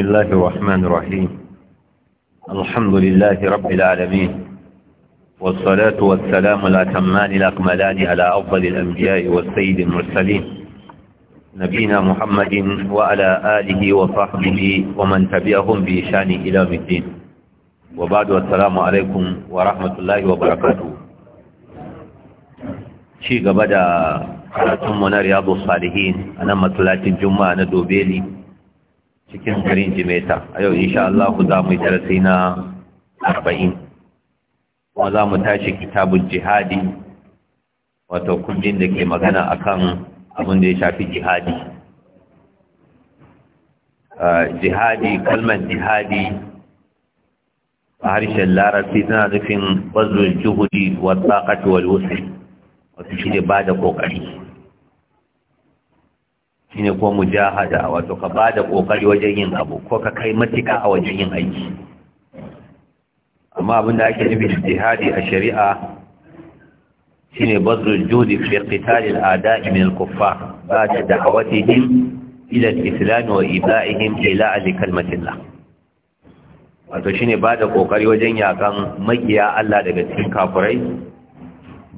بسم الله الرحمن الرحيم الحمد لله رب العالمين والصلاة والسلام الأتمان الأكملان على أفضل الأنبياء والسيد المرسلين نبينا محمد وعلى آله وصحبه ومن تبعهم بإشان إلى الدين وبعد والسلام عليكم ورحمة الله وبركاته شيء قبل karatunmu na riyadu salihin a nan matsalacin juma'a na dobeli cikin garin jimeta a yau insha Allah ku za mu yi darasi na arba'in kuma za mu tashi kitabun jihadi wato kundin da ke magana akan abin da ya shafi jihadi jihadi kalmar jihadi a harshen larabci tana nufin bazul juhudi wa tsakatuwar wasu wasu shi ne bada kokari shine ko mujahada wato ka bada kokari wajen yin abu ko ka kai matika a wajen yin aiki amma abin da ake nufi jihadi a shari'a shine bazrul juhdi fi qital al a'da'i min al kuffar ba'da da'awatihim ila al islam wa iba'ihim ila al kalmatillah wato shine bada kokari wajen yakan makiya Allah daga cikin kafurai.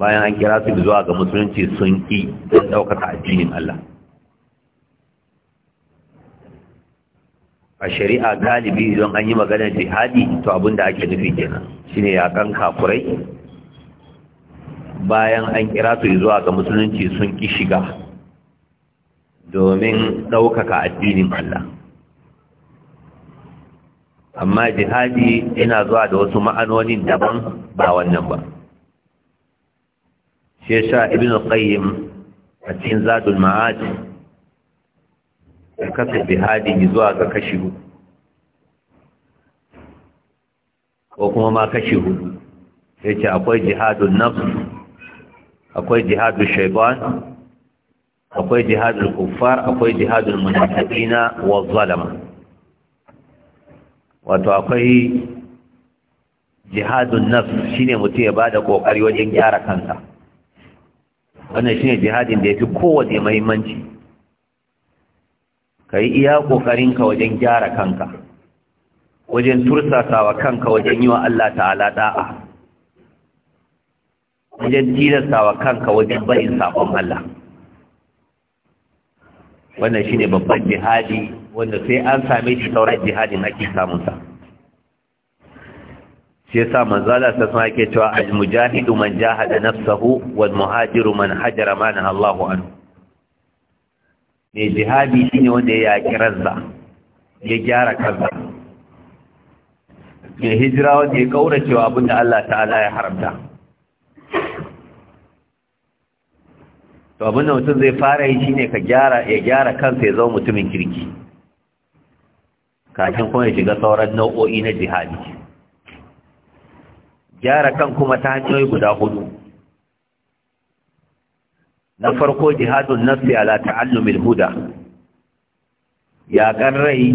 bayan an kira su zuwa ga musulunci sun ki don daukar addinin Allah a shari'a galibi idan an yi maganar jihadi to abin da ake nufi kenan shine kan kafurai bayan an kira su zuwa ga musulunci sun ki shiga domin ɗaukaka addinin Allah amma jihadi yana zuwa da wasu ma'anonin daban ba wannan ba shi yasa ibnu qayyim a cikin zadul ma'ad da kasa jihadi zuwa ga kashi hudu ko kuma ma kashi hudu ya ce akwai jihadun nafsu akwai jihadun shaytan akwai jihadun kuffar akwai jihadun munafiqina wa zalama wato akwai jihadun nafs shine mutum ya bada kokari wajen gyara kansa wannan shine jihadin da yafi kowace muhimmanci ka yi iya ƙoƙarinka wajen gyara kanka wajen tursasawa kanka wajen yi wa Allah ta'ala da'a wajen tilastawa kanka wajen bayin sabon Allah wannan shi ne babban jihadi wanda sai an same shi sauran jihadin ake samun sa shi sa manzala ta suna ke cewa al-mujahidu man jahada nafsahu wal muhajiru man hajara manahallahu anhu mai jihadi shi ne wanda ya yaƙi razza ya gyara kaza mai hijira wanda ya ƙaura cewa abinda Allah ta'ala ya haramta to abinda mutum zai fara yi shi ka gyara ya gyara kansa ya zama mutumin kirki kafin kuma ya shiga sauran nau'o'i na jihadi gyara kan kuma ta hanyoyi guda hudu na farko jihadun nafsi ala ta'allumil huda ya rai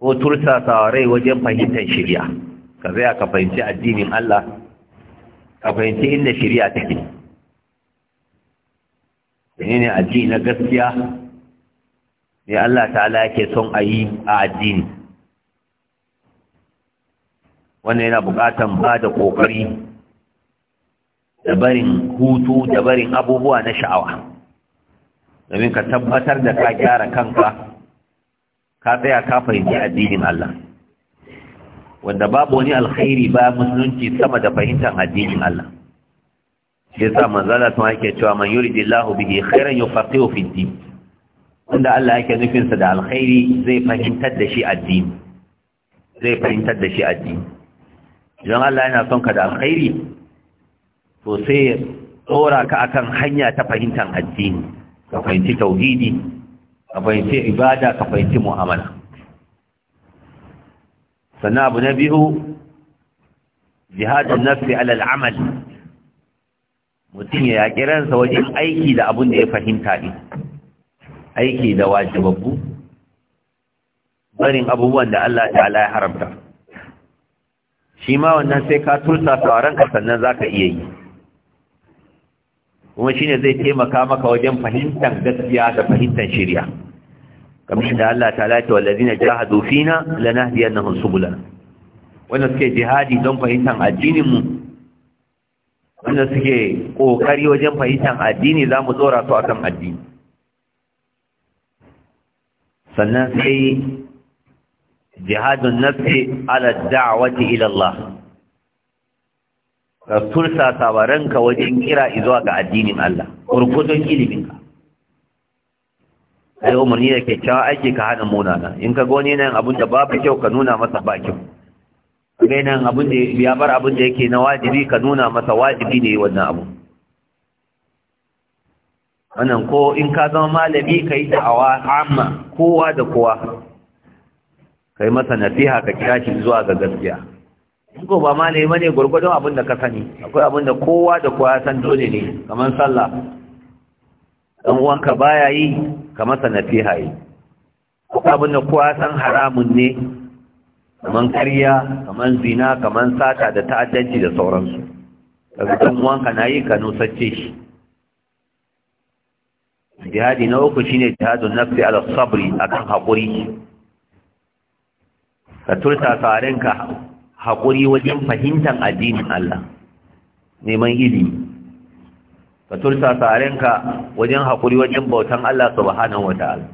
ko tursasawa rai wajen fahimtar shirya ka zai ka fahimci addinin Allah ka fahimci inda shirya take ne ne addini na gaskiya ne Allah ta'ala yake son a yi a addini wannan yana buƙatan ba da ƙoƙari da barin hutu da barin abubuwa na sha'awa domin ka tabbatar da ka gyara kanka ka tsaya ka fahimci addinin Allah wanda babu wani alkhairi ba musulunci sama da fahimtar addinin Allah shi sa manzala tun ake cewa man yuridillahu bihi khairan yufaqihu fi din wanda Allah yake nufin sa da alkhairi zai fahimtar da shi addini zai fahimtar da shi addini idan Allah yana son ka da alkhairi to sai ya tsora ka akan hanya ta fahimtar addini ka fahimci tauhidi ka fahimci ibada ka fahimci mu'amala sannan abu na biyu jihadun nafsi alal amal mutum ya yaƙi ransa wajen aiki da abin da ya fahimta ne aiki da wajibabbu barin abubuwan da Allah ala ya haramta shi ma wannan sai ka tursa sauran ka sannan za ka iya yi kuma ne zai taimaka maka wajen fahimtar gaskiya da fahimtar shirya. kamar da Allah ta'ala ta wallazina jahadu fina na subulana wanda suke jihadi don fahimtar addininmu? wanda suke ƙoƙari wajen fahimtar addini zamu tsora su akan addini sannan sai jihadun nafsi ala da'wati ilallah ka tursa sabaranka wajen kira izuwa ga addinin Allah gurgudun iliminka ai umarni da kyakkyawan aiki ka hana munana in ka gani nan abin da babu kyau ka nuna masa ba kyau kai nan abin da ya bar abin da yake na wajibi ka nuna masa wajibi ne wannan abu wannan ko in ka zama malami ka yi da'awa amma kowa da kowa kai masa nasiha ka kira shi zuwa ga gaskiya in ko ba malami ne gurgurdon abin da ka sani akwai abin da kowa da kowa ya san dole ne kamar sallah dan uwanka baya yi kamar sanafi hayi akwai abin da kowa san haramun ne kamar karya kamar zina kamar sata da ta'addanci da sauransu kaga dan uwanka na yi ka nusacce shi jihadi na uku shine jihadun nafsi ala sabri akan haƙuri ka turta tsarinka haƙuri wajen fahimtar addinin Allah neman ilimi ka tursa sarenka wajen haƙuri wajen bautan Allah subhanahu wata'ala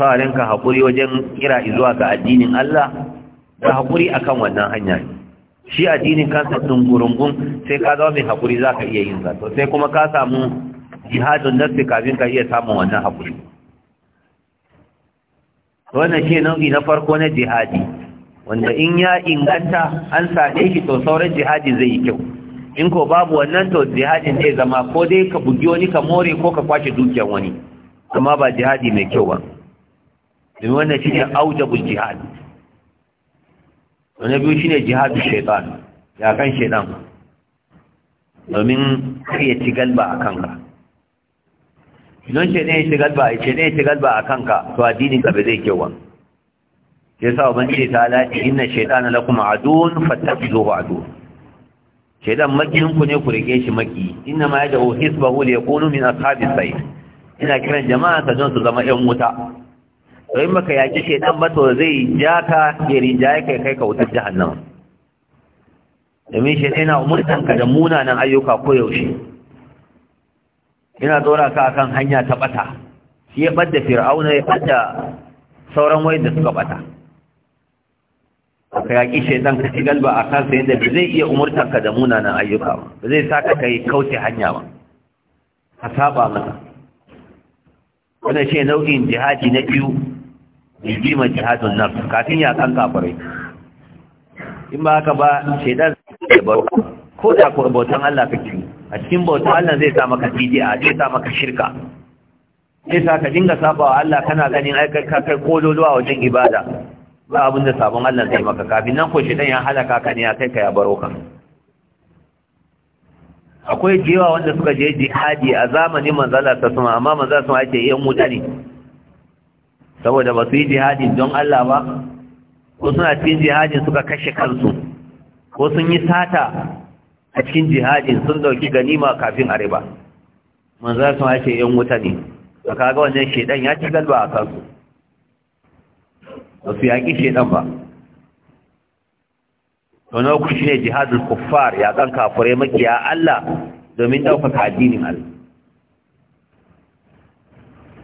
sarenka haƙuri wajen kira zuwa ga addinin Allah da haƙuri akan wannan hanya shi addinin kansa dungurungun sai ka zama mai haƙuri za ka iya yin sa to sai kuma ka samu jihadun nasu kafin ka iya samun wannan haƙuri wannan shi nau'i na farko na jihadi wanda in ya inganta an sade shi to sauran jihadi zai yi kyau in ko babu wannan to jihadin zai zama ko dai ka bugi wani ka more ko ka kwace dukiyar wani amma ba jihadi mai kyau ba domin wannan shi ne aujabul jihad wani biyu shi ne jihadu shaitan ya kan shaitan domin kai ya ci galba a kanka idan shaitan ya ci galba ya shaitan ya ci galba a kanka to addinin ka ba zai kyau ba yasa ubangiji ta ala inna shaytana lakum adun fattakhidhuhu adun shaytan makiyin ku ne ku rike shi maki inna ma yad'u hisbahu liyakunu min ashabis sayf ina kiran jama'a ta don su zama yan wuta to in yaki shaytan ba to zai ja ka ya ya kai kai ka wutar jahannama domin shaytan yana umurtan ka da munanan ayyuka ko yaushe. ina dora ka akan hanya ta bata shi ya bada fir'auna ya bada sauran da suka bata ka yaƙi shaidan ka ci ba a kansa yadda ba zai iya umurtar ka da munanan ayyuka ba ba zai sa ka kai kauce hanya ba ka saba masa wanda ce nau'in jihadi na biyu jima jihadun nan kafin ya kan kafare in ba haka ba shaidan zai bauta ko da ko bautan Allah kake a cikin bautan Allah zai sa maka a zai sa maka shirka sai sa ka dinga sabawa Allah kana ganin aikar kakar kololuwa wajen ibada ba abin da sabon Allah zai maka kafin nan ko shedan ya halaka ka ne ya kai ka ya baro ka akwai jewa wanda suka je jihadi a zamanin manzala ta suma amma manzala sun ake yin wuta ne saboda ba su yi jihadi don Allah ba ko suna cikin jihadin suka kashe kansu ko sun yi sata a cikin jihadin sun dauki ganima kafin a riba manzala sun ake yin wuta ne ka kaga wannan shedan ya ci galba a kansu ba su yaƙi shaidan ba tono ku shi ne jihadul kuffar yaƙan kafurai makiya Allah domin ɗaukaka addinin Allah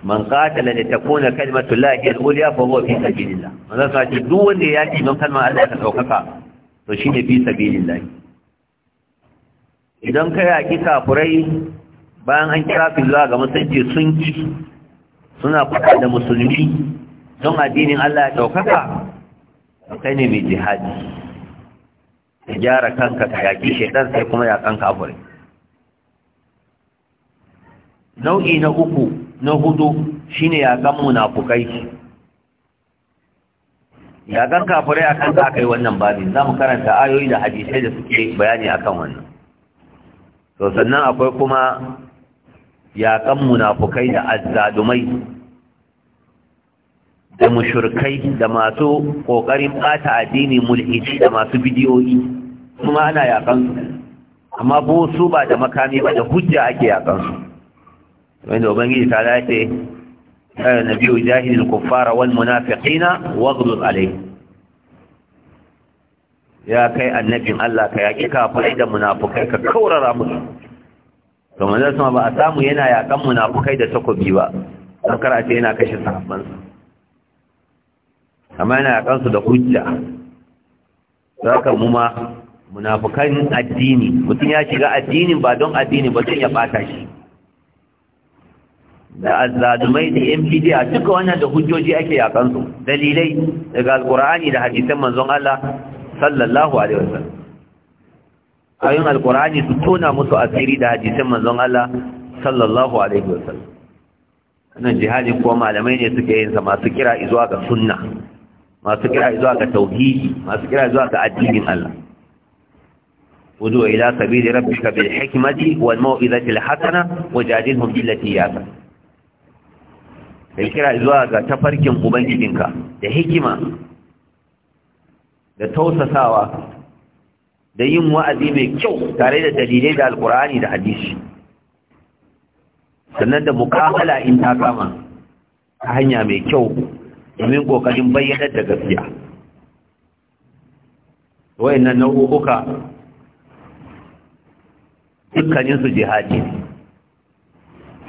man qatala li takuna kalimatu llahi al-ulya fa huwa fi sabilillah manzo sa ce duk wanda ya ci don kalmar Allah ta daukaka to shine fi sabilillah idan ka yaki kafurai bayan an kira fi zuwa ga musulunci sun ci suna fada da musulmi don addinin Allah ya ɗaukaka kai ne mai jihadi ka gyara kanka ka yaƙi shaidan sai kuma ya kanka abure nau'i na uku na hudu shine yaƙan munafukai yaƙan kafirai kanka aka kai wannan babin za mu karanta ayoyi da hadisai da suke bayani akan wannan to sannan akwai kuma yaƙan munafukai da azzalumai da mushurkai da masu kokarin bata addini mulhiji da masu bidiyoyi kuma ana yakan su amma bo su ba da makami ba da hujja ake yakan su wanda ubangiji ta lace ayyana nabiyu jahilil kuffara wal munafiqina waghlul alai. ya kai annabin Allah ka yaki kafirai da munafukai ka kaurara musu to manzon sama ba a samu yana yakan munafukai da takobi ba don kar a ce yana kashe sahabbansa amma yana kansu da hujja ka mu ma munafukan addini mutum ya shiga addinin ba don addini ba sai ya bata shi da azadumai da MPD, a duka wannan da hujjoji ake yakan dalilai daga alkur'ani da hadisan manzon Allah sallallahu alaihi wasallam ayoyin alkur'ani su tona musu asiri da hadisan manzon Allah sallallahu alaihi wasallam wannan jihadin kuma malamai ne suke yin sa masu kira zuwa ga sunna masu kira zuwa ga tauhidi masu kira zuwa ga addinin Allah wudu ila sabili rabbika bil hikmati wal mau'izati al hasana wajadilhum billati hiya ahsan kira zuwa ga tafarkin ubangijinka da hikima da tausasawa da yin wa'azi mai kyau tare da dalilai da alkur'ani da hadisi sannan da mukamala in ta kama ta hanya mai kyau domin kokarin bayyanar da gaskiya wayannan nau'uka dukkanin su jihadi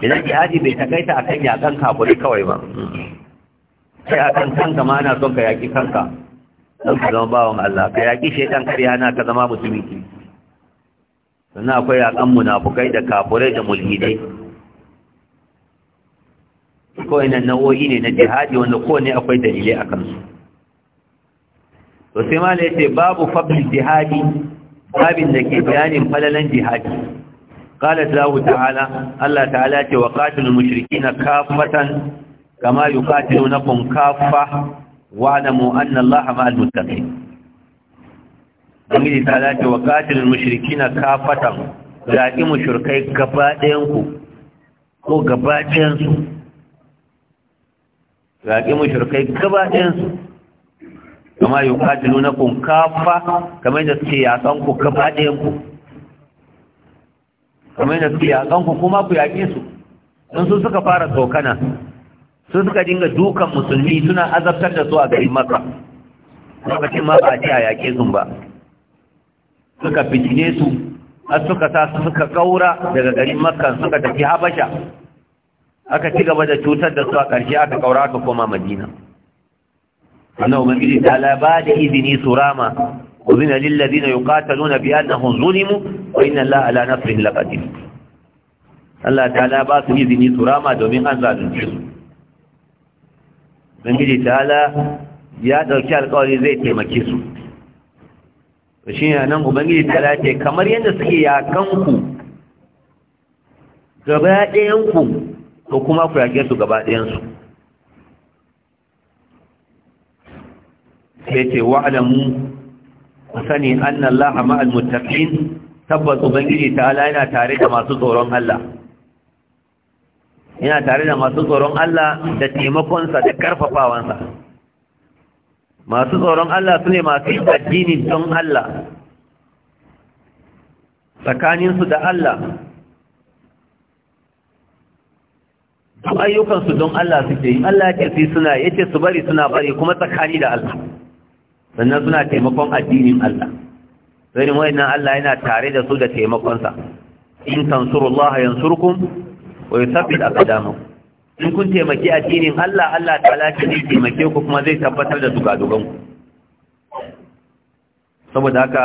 idan jihadi bai takaita akan yakan kafuri kawai ba sai akan kanka ma ana son ka yaki kanka don ka zama bawan Allah ka yaki shaitan kariya na ka zama musulmi sannan akwai yakan munafukai da kafurai da mulhidai ko ina nau'o'i ne na jihadi wanda kowane akwai dalilai a kansu to sai mala yace babu fadlil jihadi babin da ke bayanin falalan jihadi qala Allahu ta'ala Allah ta'ala ce wa qatilul mushrikeena kafatan kama yuqatilunakum kaffa lamu anna Allaha ma'al muttaqin Ubangiji ta ce wa katilin mushriki kafatan zaki mushrikai gaba ku ko gaba su yaƙi mushrikai gaba ɗayansu kama yi katilu na kun kafa kamar da suke yaƙan ku gaba ɗayanku kamar da suke yaƙan ku kuma ku yaƙi su don su suka fara tsokana su suka dinga dukan musulmi suna azabtar da su a garin maka lokacin ma ba a a yaƙe sun ba suka fitine su a suka sa suka kaura daga garin makka suka tafi habasha aka ci gaba da cutar da su a ƙarshe aka ƙaura aka koma madina wannan ubangiji ta laba da izini su rama uzina lillazina yuqataluna bi annahum zulimu wa inna la ala nasrihim laqadir Allah ta ba su izini su rama domin an zalunce su da ala ya ɗauki alƙawari zai taimake su shi ne nan ta ala ce kamar yadda suke yakan ku gaba ɗayan ku ko kuma ku yage su gaba ɗayansu sai ce wa'alamu ku sani anna Allah ma'al mutafin tabbas ubangiji ala yana tare da masu tsoron Allah yana tare da masu tsoron Allah da taimakonsa da karfafawansa masu tsoron Allah su ne masu addini don Allah tsakaninsu da Allah duk ayyukansu don Allah suke yi Allah ya ce suna yace su bari suna bari kuma tsakani da Allah sannan suna taimakon addinin Allah sai ne Allah yana tare da su da taimakonsa in tansurullaha yansurkum wa yuthabbit aqdamakum in kun taimaki addinin Allah Allah ta'ala ce zai taimake ku kuma zai tabbatar da dugadugan ku saboda haka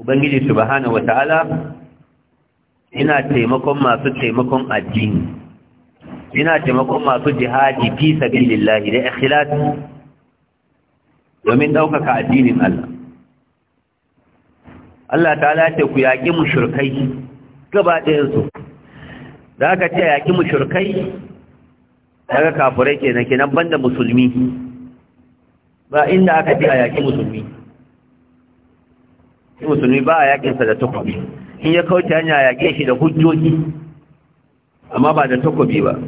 ubangiji subhanahu wataala ina taimakon masu taimakon addini Ina taimakon masu jihadi fi sabilillah da ikhlas domin daukaka addinin Allah Allah ta'ala ce ku yaki mushrikai gaba ɗayan su da aka ce yaki mushrikai daga kafirai kenan kenan banda musulmi ba inda aka ce a yaƙi musulmi musulmi ba a yaƙinsa da takobi in ya kauce hanya yaƙe shi da hujjoji amma ba da takobi ba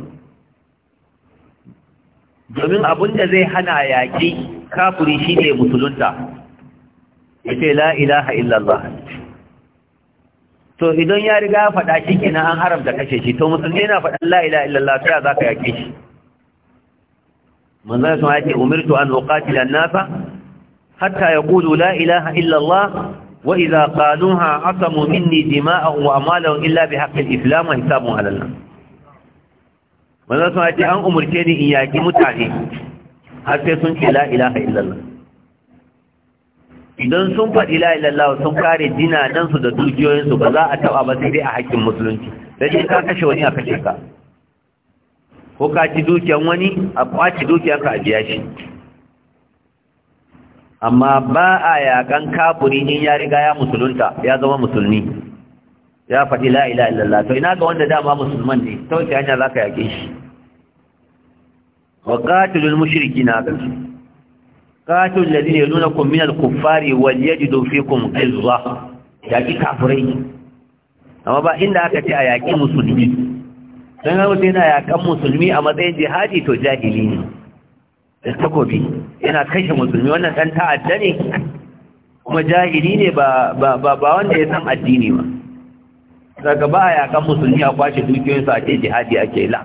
domin abin da zai hana yaƙi kafuri shi ne musulunta ya ce la ilaha illallah to idan ya riga faɗa shi kenan an haramta kashe shi to musulmi yana faɗan la ilaha illallah sai za ka yaƙe shi manzana sun haƙe umirtu an uqatila nasa hatta yaqulu la ilaha illallah wa idza qaluha asamu minni dima'ahum wa amalahum illa bihaqqi al-islam wa hisabun 'ala manzon sun ce an umurce ni in yaƙi mutane har sai sun ce la ilaha illallah idan sun faɗi la sun kare dinanan su da dukiyoyin su ba za a taɓa ba sai dai a hakkin musulunci da je ka kashe wani a kashe ka ko ka ci dukiyan wani a kwaci dukiyan ka a biya shi amma ba a yakan kafuri in ya riga ya musulunta ya zama musulmi ya faɗi la to ina ga wanda dama musulman ne ta wace hanya za ka yaƙe shi وقاتل المشركين أبدا قاتل الذين يلونكم من الكفار وليجدوا kuffari wal yajidu كافرين أما yaki إن amma ba inda aka ce a yaki musulmi dan yana musulmi a matsayin jihadi to jahili ne da takobi yana kashe musulmi wannan dan ta'adda ne kuma jahili ne ba wanda ya san addini ba daga ba a yakan musulmi a kwace dukiyoyinsu a ce jihadi ake la'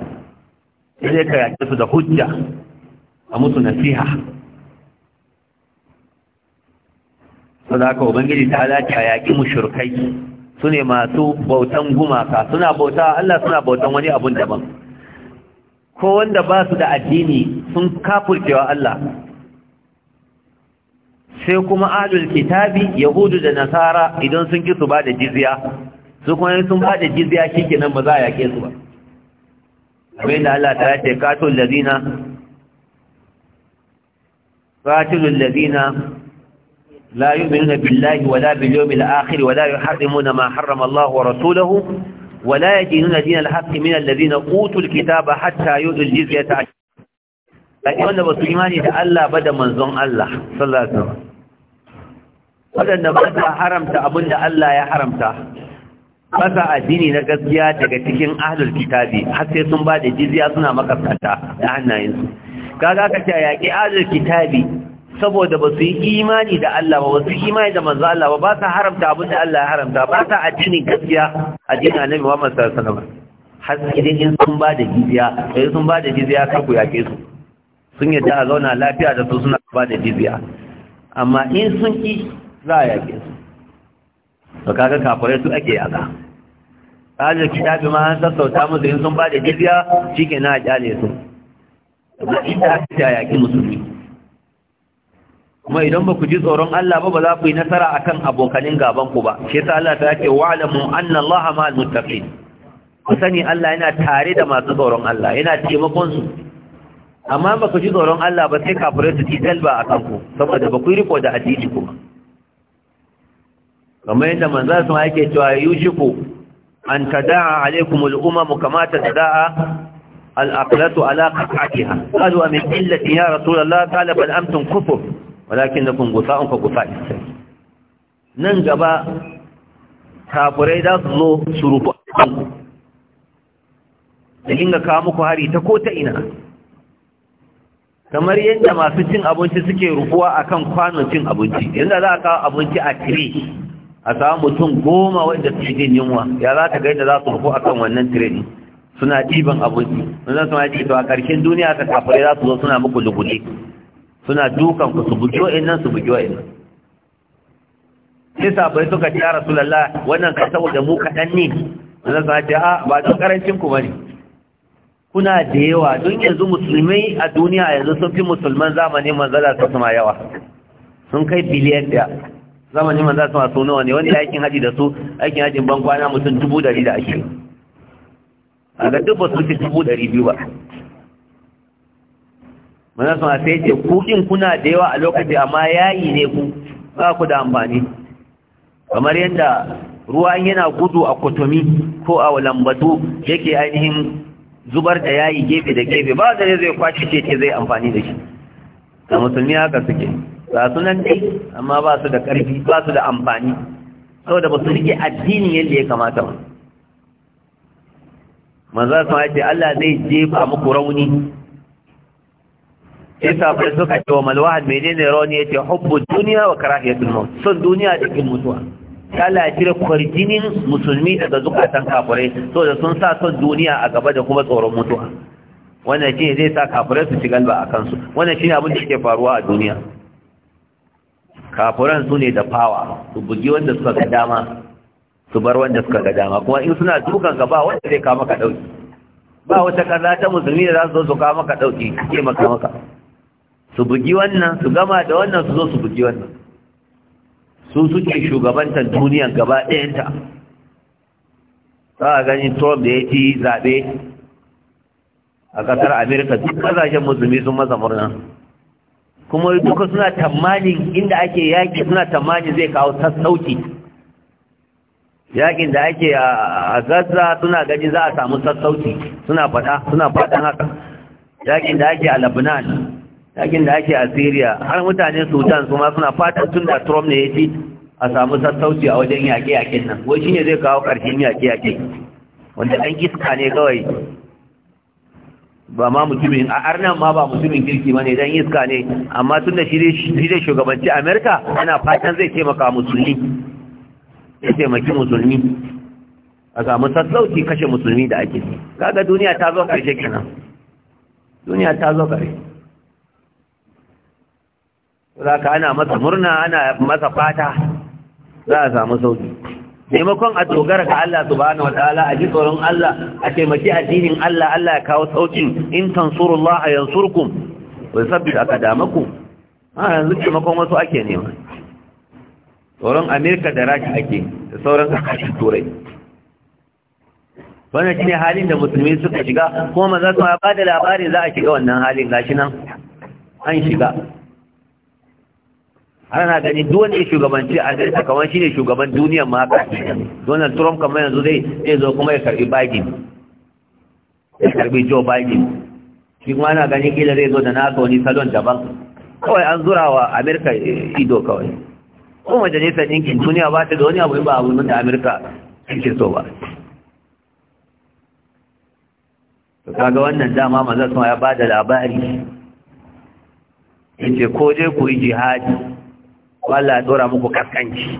zai ka yaƙe su da hujja a musu nasiha saboda haka ubangiji ta halatta a yaƙi mushrikai su ne masu bautan gumaka suna bauta Allah suna bautan wani abun daban ko wanda ba su da addini sun kafurkewa Allah sai kuma ahlul kitabi yahudu da nasara idan sun ki su ba da jizya su kuma sun ba da jizya kenan ba za a yaƙe su ba abin da Allah ta ce katul lazina katul lazina la yu'minuna billahi wala bil yawmil akhir wala yuharrimuna ma harrama Allah wa rasuluhu ولا يدينون دين الحق من الذين أوتوا الكتاب حتى يؤتوا الجزية عن لكن wanda ba su imani da Allah ba da manzon Allah sallallahu alaihi wasallam wadanda ba ta haramta abinda Allah ya haramta Masa addini na gaskiya daga cikin ahlul kitabi har sai sun ba da jizya suna makasanta da hannayensu kaga ka ce yaƙi ahlul kitabi saboda ba su yi imani da Allah ba su imani da manzo Allah ba ba sa haramta abin da Allah ya haramta ba sa addinin gaskiya addinin na mai sallallahu da wasallam har idan in sun ba da jizya sai sun ba da jizya kan ku yaƙe su sun yadda a zauna lafiya da su suna ba da jizya amma in sun ki za a yake su to kaga kafirai su ake kaje ahli kitabi ma an sassauta musu in sun ba da jibiya shikenan a jale su da ita ta yaki musulmi kuma idan ba ku ji tsoron Allah ba ba za ku yi nasara akan abokanin gaban ku ba shi yasa Allah ta ce wa'lamu anna Allah ma'al muttaqin ku sani Allah yana tare da masu tsoron Allah yana taimakon su amma ba ku ji tsoron Allah ba sai kafirai su ci dalba akan ku saboda ba ku yi riko da addini kuma kamar yadda manzan sun ake cewa yushiku an tada'a alaikumul umamu kama tada'a الأقلة على قطعتها قالوا أمن قلة يا رسول الله قال walakin أمتم كفر ولكنكم غثاء كغثاء السيل nan gaba kafirai za su zo su rufu kanku da inga kawo muku hari ta ko ta ina kamar yadda masu cin abinci suke rufuwa akan kwanon cin abinci yadda za a kawo abinci a tire a samu mutum goma wanda su jin yunwa ya za ka gaida za su rufu akan wannan tireni suna ɗiban abinci wannan suna ce to a ƙarshen duniya ta kafirai za su zo suna muku lugude suna dukan ku su buki wa'in nan su buki wa'in nan sai sabai suka ce ya rasulallah wannan ka saboda mu kaɗan ne wannan suna ce a ba don karancin ku ba ne kuna da yawa don yanzu musulmai a duniya yanzu sun fi musulman zamanin manzala su suma yawa sun kai biliyan ɗaya zamanin za su sau nawa ne wani aikin haji da su aikin hajin ban kwana mutum dubu dari da ake a ga duk su ce dubu dari biyu ba mana sai ce ku kuna da yawa a lokaci amma yayi ne ku ba ku da amfani kamar yadda ruwa yana gudu a kotomi ko a lambatu yake ainihin zubar da yayi gefe da gefe ba da zai kwace ce zai amfani da shi ga musulmi haka suke ba su nan dai amma ba su da ƙarfi ba su da amfani saboda ba su rike addinin yadda ya kamata ba manzan su ya ce Allah zai jefa muku rauni sai safai suka ce wa malwahad menene rauni ya ce hubbu duniya wa karahiyatul maut son duniya da kin mutuwa Allah ya cire kwarjinin musulmi daga zukatan kafirai saboda sun sa son duniya a gaba da kuma tsoron mutuwa wannan shi zai sa kafirai su ci galba a kansu wannan shi ne abin da yake faruwa a duniya kafuran su ne da fawa su bugi wanda suka ga dama su bar wanda suka ga dama kuma in suna dukan ka ba wanda zai kama ka dauki ba wata kaza ta musulmi da za su zo su kama ka dauki ke maka maka su bugi wannan su gama da wannan su zo su bugi wannan su suke shugabantar duniyan gaba ɗayanta za a gani trump da ya ci zaɓe a ƙasar amerika duk ƙasashen musulmi sun masa murna kuma duka suna tamanin inda ake yaƙi suna tamanin zai kawo sassauci yaƙin da ake a gaza suna gani za a samu sassauci suna faɗa suna faɗan haka yaƙin da ake a lebanon yaƙin da ake a syria har mutane sudan su ma suna fatan tun da trump ne ya ci a samu sassauci a wajen yaƙe-yaƙen nan wai shine zai kawo ƙarfin yaƙe-yaƙe wanda ɗan iska ne kawai ba ma mutumin a arnan ma ba mutumin kirki ba ne dan iska ne amma tun da shi dai shugabanci amerika yana fatan zai taimaka musulmi ya taimaki musulmi a samu sassauci kashe musulmi da ake kaga duniya ta zo karshe kenan duniya ta zo karshe za ka ana masa murna ana masa fata za a samu sauki maimakon a dogara ga Allah subhanahu wataala a ji tsoron Allah a taimaki addinin Allah Allah ya kawo saukin in tansurullah yansurkum wa yusabbit aqdamakum a yanzu taimakon wasu ake nema tsoron Amerika da Rasha ake da sauran kasashen Turai wannan shine halin da musulmi suka shiga kuma maza su ba da labari za a shiga wannan halin gashi nan an shiga ana gani duwan ya shugabanci a jirka kamar shi ne shugaban duniyan ma haka donald trump kamar yanzu zai zo kuma ya karbi bagin ya karbi joe bagin shi kuma ana gani kila zai zo da nasa wani salon daban kawai an zura wa amerika eh, ido kawai Kuma majalisar ɗinkin duniya ba ta da wani abu ba abu da amerika cikin so ba kaga wannan dama manzon ya ba da labari ce ko je ku yi jihadi wala adora Mungu katika nchi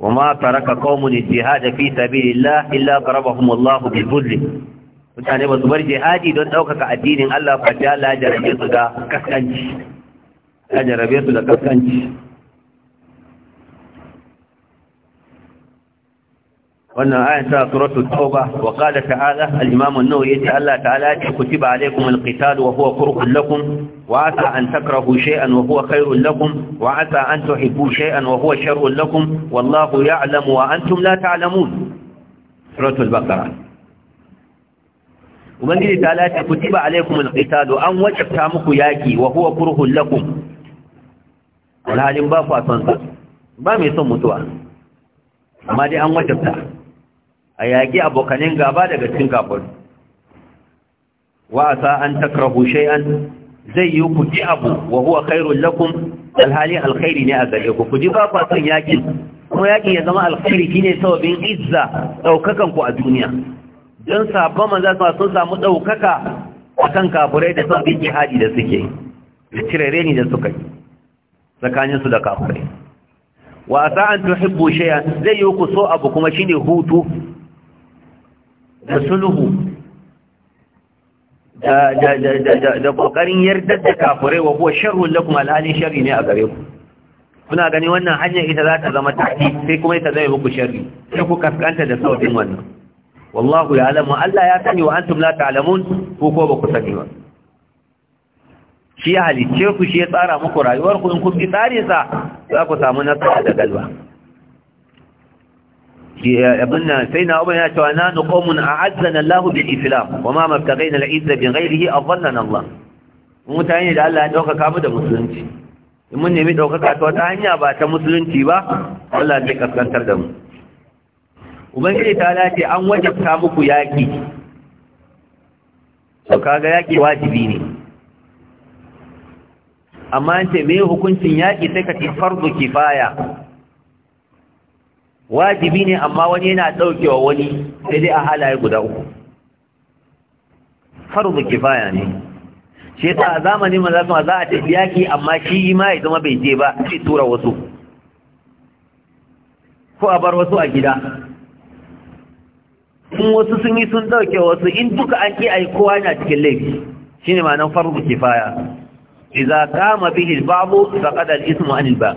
وما ترك قوم الجهاد في سبيل الله الا ضربهم الله بالذل وتاني بزبر جهاد دون دوكك الدين الله فجعل اجر بيت دا كسكنج اجر بيت دا كسكنج وانا آية سورة التوبة وقال تعالى الإمام النووي يتي تعالى كتب عليكم القتال وهو كره لكم وعسى أن تكرهوا شيئا وهو خير لكم وعسى أن تحبوا شيئا وهو شر لكم والله يعلم وأنتم لا تعلمون سورة البقرة ومن تعالى كتب عليكم القتال أن وجبتامك ياكي وهو كره لكم alhalin ba kwa son sa ba mai son mutuwa amma dai an wajabta a yaƙi abokanin gaba daga cikin kafin wa asa an takrahu shay'an zai yi ku ji abu wa huwa khairul lakum alhali alkhairi ne a gare ku ku ji ba ku son yakin kuma yakin ya zama alkhairi shine sabbin izza daukakan ku a duniya don sabon manzo sa sun samu daukaka akan kafurai da sabon jihadi da suke da cirere ne da suka yi tsakanin su da kafirai wa sa an tuhibbu shay'an zai yi ku so abu kuma shine hutu da sulhu da kokarin yardar da kafirai wa huwa sharrun lakum alhalin sharri ne a gare ku kuna gani wannan hanyar ita za ta zama tafi sai kuma ita zai muku sharri sai ku kaskanta da sautin wannan wallahu ya alamu Allah ya sani wa antum la ta'lamun ku ko ba ku sani ba shi halicce ku shi ya tsara muku rayuwar ku in ku bi tsarin sa za ku samu nasara da galba Eh, abin sai na umar ya cewa na nuqawmun a'azzana Allahu bil islam wa ma mabtaghaina al-izza bi ghayrihi adhanna Allah mutane da Allah ya daukaka mu da musulunci in mun nemi ɗaukaka ta wata hanya ba ta musulunci ba Allah zai kaskantar da mu ubangiji ta lace an wajabta muku yaƙi. to kaga yaƙi, wajibi ne amma an ce me hukuncin yaƙi sai ka ci fardu kifaya wajibi ne amma wani yana wa wani sai dai a halaye guda uku farzu kifaya ne shi yasa a zamanin maza kuma za a tafi yaki amma shi ma ya zama bai je ba sai tura wasu ko a bar wasu a gida in wasu sun yi sun ɗauke wasu in duka an ƙi ai kowa yana cikin laifi shine ma'anar farzu kifaya idza kama bihi babu faqad al-ismu anil ba,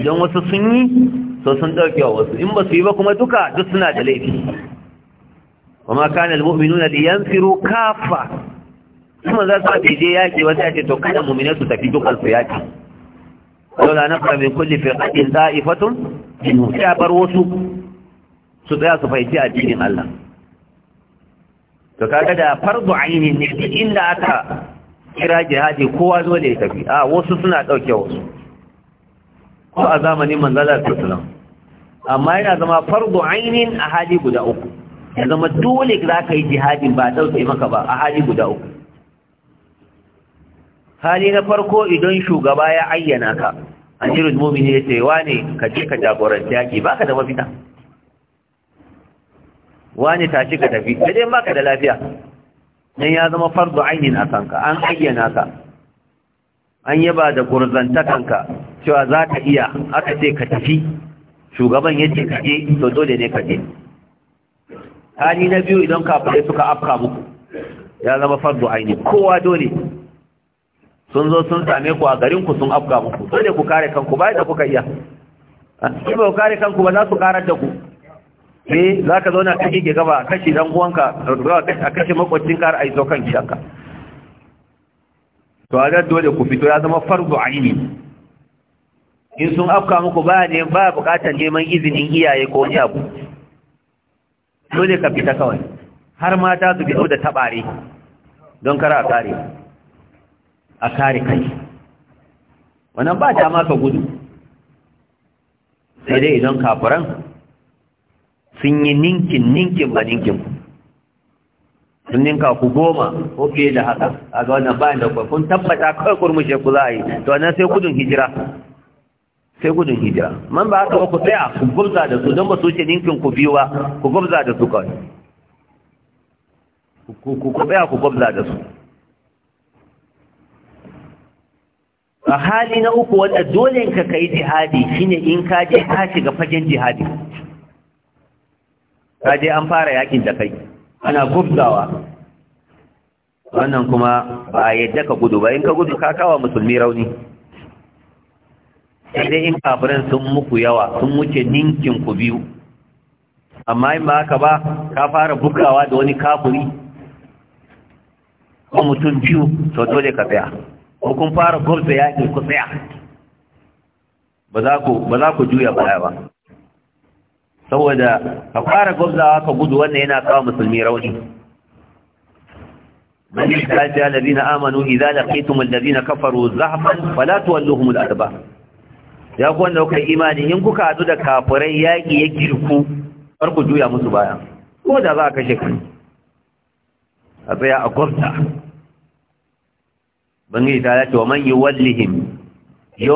idan wasu sun yi so sun dauke wa wasu in ba su yi ba kuma duka duk suna da laifi kuma kana almu'minuna yanfiru kafa kuma za su ake je yaki wata ce to kada mu'mina su tafi dukkan su yaki wala nafa min kulli firqatin da'ifatun in ya bar wasu su tsaya su fahimci addinin Allah to kaga da fardu ainihin ne inda aka kira jihadi kowa dole ya tafi a wasu suna dauke wasu ko a zamanin manzala da salam amma yana zama fardu ainin a hali guda uku ya zama dole za ka yi jihadin ba ɗauke maka ba a hali guda uku hali na farko idan shugaba ya ayyana ka ashirin mumini ya ce wane ka je ka jagoranci yaƙi ba ka da mafita wane tashi ka tafi sai dai ba ka da lafiya nan ya zama fardu ainihin a kanka an ayyana ka an yaba da gurzantakanka cewa za ka iya aka ce ka tafi shugaban ya ce kaje to dole ne kaje hali na biyu idan kafirai suka afka muku ya zama fardu aini kowa dole sun zo sun same ku a garin ku sun afka muku dole ku kare kanku ba da kuka iya in ba ku kare kanku ba za su karar da ku sai eh, za ka zauna ka gige gaba kashi dan uwanka a kashe makwacin kar a yi zo kan gidanka to a dole ku fito ya zama fardu aini in sun afka muku ba ne ba bukatar neman izinin iyaye ko wani abu dole ka fita kawai har mata su fito da tabare don kara a kare a kare kai wannan ba ta maka gudu sai dai idan kafuran sun yi ninkin ninkin ba ninkin ku sun ninka ku goma ko fiye da haka a ga wannan bayan da kun tabbata kawai kurmushe ku za a yi to wannan sai gudun hijira sai gudun hijira man ba haka ku tsaya ku gubza da su don ba su ce ninkin ku biyu ba ku gubza da su kawai ku tsaya ku gubza da su a hali na uku wanda dole ka kai jihadi shine in ka je ka shiga fagen jihadi ka je an fara yakin da kai ana gubzawa wannan kuma ba a yadda ka gudu ba in ka gudu ka kawo musulmi rauni sai dai in kafiran sun muku yawa sun wuce ninkin ku biyu amma in ba haka ba ka fara bugawa da wani kafuri ko mutum biyu to dole ka tsaya ko kun fara gwabza yaƙi ku tsaya ba za ku juya baya ba saboda ka fara gwamzawa ka gudu wannan yana kawo musulmi rauni من يحتاج الذين آمنوا إذا لقيتم الذين kafaru زحفا falatuwan تولوهم الأدبار ya ku wanda kuka imani in kuka hadu da kafirai yaƙi ya girku har ku juya musu baya ko da za a kashe ku a tsaya a gwamta bangiji ta yace wa man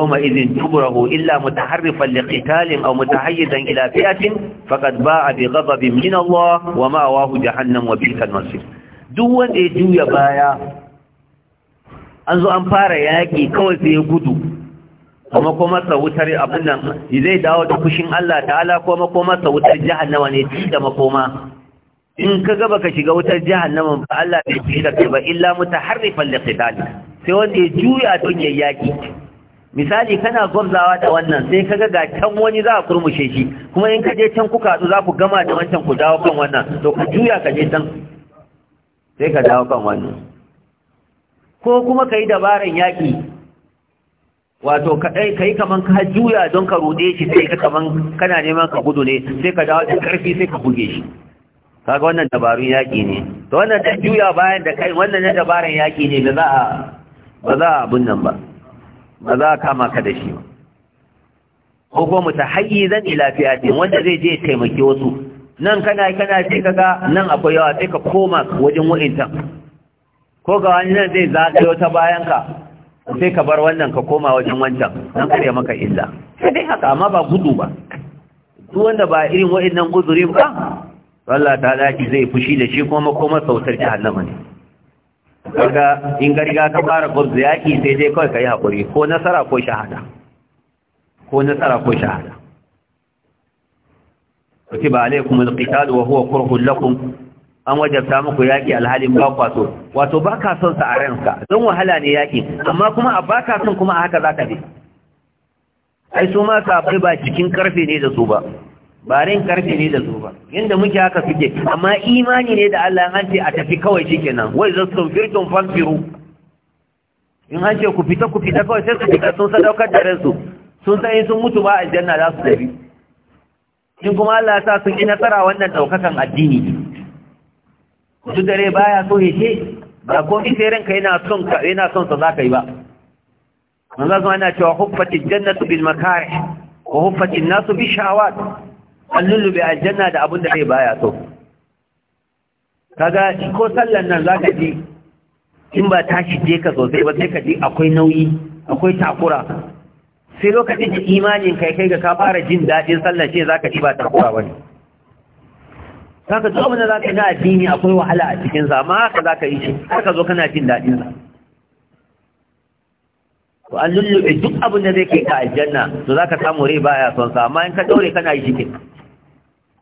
ma izin idhin tubrahu illa mutaharrifan liqitalin aw mutahayyizan ila Fakat ba a bi ghadabin min Allah wa ma'awahu jahannan wa bi'sal masir duk wanda ya juya baya an zo an fara yaƙi kawai sai ya gudu kuma ko masa wutar abin nan zai dawo da fushin Allah ta'ala kuma ko masa wutar jahannama ne ci da makoma in ka gaba ka shiga wutar jahannama ba Allah bai ci da kai ba illa mutaharrifan liqitali sai wanda ya juya don ya yaki misali kana gwamzawa da wannan sai kaga ga can wani za a kurmushe shi kuma in ka je can kuka hadu za ku gama da wancan ku dawo kan wannan to ku juya ka je can sai ka dawo kan wannan ko kuma ka yi dabaran yaƙi wato kadai eh, kai kaman ka juya don ka rude shi sai ka kaman kana neman ka gudu ne sai ka dawo da karfi sai ka buge shi kaga wannan dabarun yaki ne to wannan da juya bayan da kai wannan ne dabarun yaki ne da za a ba za a abun nan ba ba za a kama ka da shi ba ko mutahayyi zan ila fi'atin wanda zai je taimake wasu nan kana kana sai kaga nan akwai yawa sai ka koma wajen wa'intan ko ga wani nan zai zagayo ta bayan ka sai ka bar wannan ka koma wajen wancan nan kare maka illa sai dai haka amma ba gudu ba duk wanda ba irin wa'annan guzurin ba Allah ta daki zai fushi da shi kuma makoma sautar jahannama ne kaga in garga ka fara gwabza yaki sai dai kawai ka yi hakuri ko nasara ko shahada ko nasara ko shahada kutiba alaikum alqital wa huwa kurhun lakum an wajabta muku yaƙi alhalin ba kwa so wato ba ka son sa a ranka don wahala ne yaƙi amma kuma a ba ka son kuma a haka za ka bi ai su ma sabai ba cikin karfe ne da su ba ba rin karfe ne da su ba yadda muke haka suke amma imani ne da Allah an ce a tafi kawai kenan wai zastun firtun fanfiru in an ce ku fita ku fita kawai sai su fita sun sadaukar da ransu sun san sun mutu ba aljanna za su tafi in kuma Allah ya sa sun yi nasara wannan ɗaukakan addini wasu dare baya so ya ce ba ko sai ranka yana son ka yana son sa zaka yi ba manzo na yana cewa huffati jannatu bil makarih wa huffati nasu bi shawat allulu bi aljanna da abun da bai baya so kaga ko sallan nan zaka ji in ba ta shige ka sosai ba sai ka ji akwai nauyi akwai takura sai lokacin da imanin kai kai ga ka fara jin dadin sallan ce zaka ji ba takura bane kaka duk abin da za ka ga addini akwai wahala a cikinsa amma haka za ka yi shi har ka zo kana jin daɗinsa to an lullube duk abin da zai ke ka aljanna to za ka samu rai baya son sa amma in ka ɗaure kana yi shi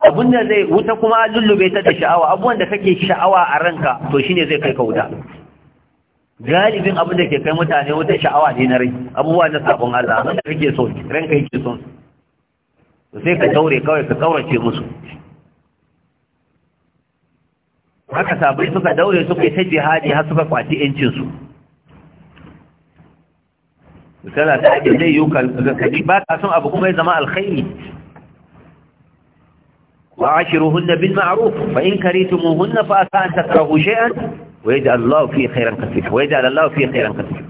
abin da zai wuta kuma an lullube ta da sha'awa abubuwan da kake sha'awa a ranka to shine zai kai ka wuta galibin abin da ke kai mutane wuta sha'awa ne na rai abubuwa na sabon Allah abin da kake so ranka yake son sai ka daure kawai ka kaurace musu haka sabai suka daure suka yi ta jihadi har suka kwaci yancinsu misala ta ake zai yi kaji ba ka san abu kuma ya zama alkhairi wa ashiru hunna bil ma'ruf fa in karitumu hunna fa asa an takrahu shay'an wa yaj'al Allah fi khairan kathira wa yaj'al fi khairan kathira